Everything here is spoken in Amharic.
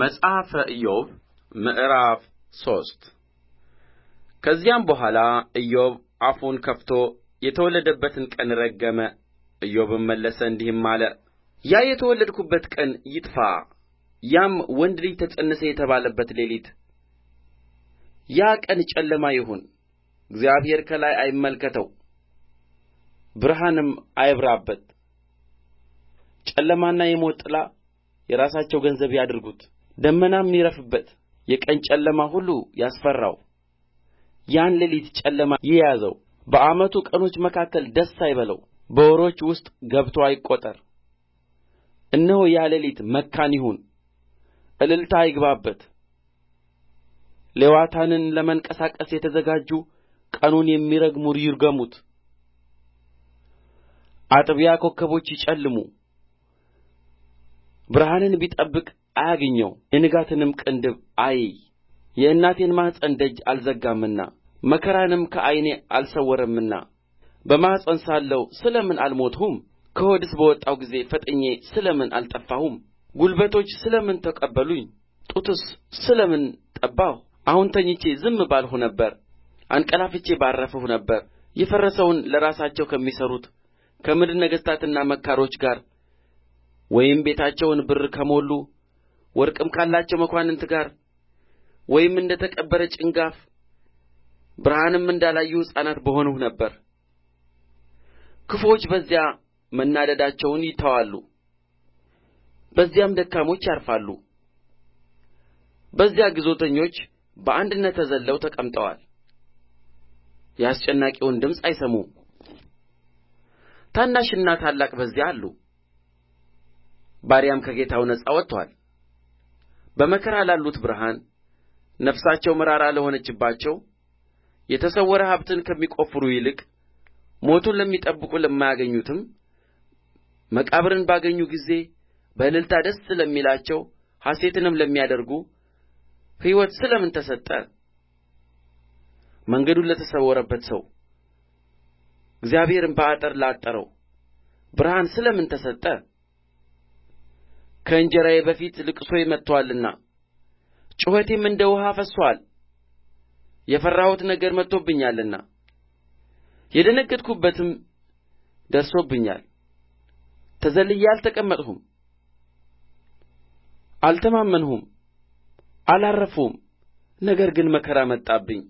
መጽሐፈ ኢዮብ ምዕራፍ ሶስት ከዚያም በኋላ ኢዮብ አፉን ከፍቶ የተወለደበትን ቀን ረገመ። ኢዮብም መለሰ እንዲህም አለ፣ ያ የተወለድሁበት ቀን ይጥፋ፣ ያም ወንድ ልጅ ተፀነሰ የተባለበት ሌሊት፣ ያ ቀን ጨለማ ይሁን። እግዚአብሔር ከላይ አይመልከተው፣ ብርሃንም አይብራበት። ጨለማና የሞት ጥላ የራሳቸው ገንዘብ ያድርጉት። ደመናም ይረፍበት የቀን ጨለማ ሁሉ ያስፈራው ያን ሌሊት ጨለማ ይያዘው በዓመቱ ቀኖች መካከል ደስ አይበለው በወሮች ውስጥ ገብቶ አይቈጠር እነሆ ያ ሌሊት መካን ይሁን እልልታ አይግባበት ሌዋታንን ለመንቀሳቀስ የተዘጋጁ ቀኑን የሚረግሙ ይርገሙት አጥቢያ ኮከቦች ይጨልሙ ብርሃንን ቢጠብቅ አያግኘው የንጋትንም ቅንድብ አይይ የእናቴን ማኅፀን ደጅ አልዘጋምና መከራንም ከዓይኔ አልሰወረምና በማኅፀን ሳለሁ ስለ ምን አልሞትሁም ከሆድስ በወጣሁ ጊዜ ፈጥኜ ስለ ምን አልጠፋሁም ጕልበቶች ስለ ምን ተቀበሉኝ ጡትስ ስለ ምን ጠባሁ አሁን ተኝቼ ዝም ባልሁ ነበር አንቀላፍቼ ባረፍሁ ነበር የፈረሰውን ለራሳቸው ከሚሠሩት ከምድር ነገሥታትና መካሮች ጋር ወይም ቤታቸውን ብር ከሞሉ ወርቅም ካላቸው መኳንንት ጋር ወይም እንደ ተቀበረ ጭንጋፍ ብርሃንም እንዳላዩ ሕፃናት በሆንሁ ነበር ክፉዎች በዚያ መናደዳቸውን ይተዋሉ በዚያም ደካሞች ያርፋሉ በዚያ ግዞተኞች በአንድነት ተዘልለው ተቀምጠዋል የአስጨናቂውን ድምፅ አይሰሙም ታናሽና ታላቅ በዚያ አሉ ባሪያም ከጌታው ነጻ ወጥቶአል በመከራ ላሉት ብርሃን ነፍሳቸው መራራ ለሆነችባቸው የተሰወረ ሀብትን ከሚቈፍሩ ይልቅ ሞቱን ለሚጠብቁ ለማያገኙትም መቃብርን ባገኙ ጊዜ በእልልታ ደስ ለሚላቸው ሐሤትንም ለሚያደርጉ ሕይወት ስለ ምን ተሰጠ? መንገዱን ለተሰወረበት ሰው እግዚአብሔርም በአጥር ላጠረው ብርሃን ስለ ምን ተሰጠ ከእንጀራዬ በፊት ልቅሶዬ መጥቶአልና ጩኸቴም እንደ ውኃ ፈስሶአል የፈራሁት ነገር መጥቶብኛልና የደነገጥሁበትም ደርሶብኛል ተዘልዬ አልተቀመጥሁም አልተማመንሁም አላረፍሁም ነገር ግን መከራ መጣብኝ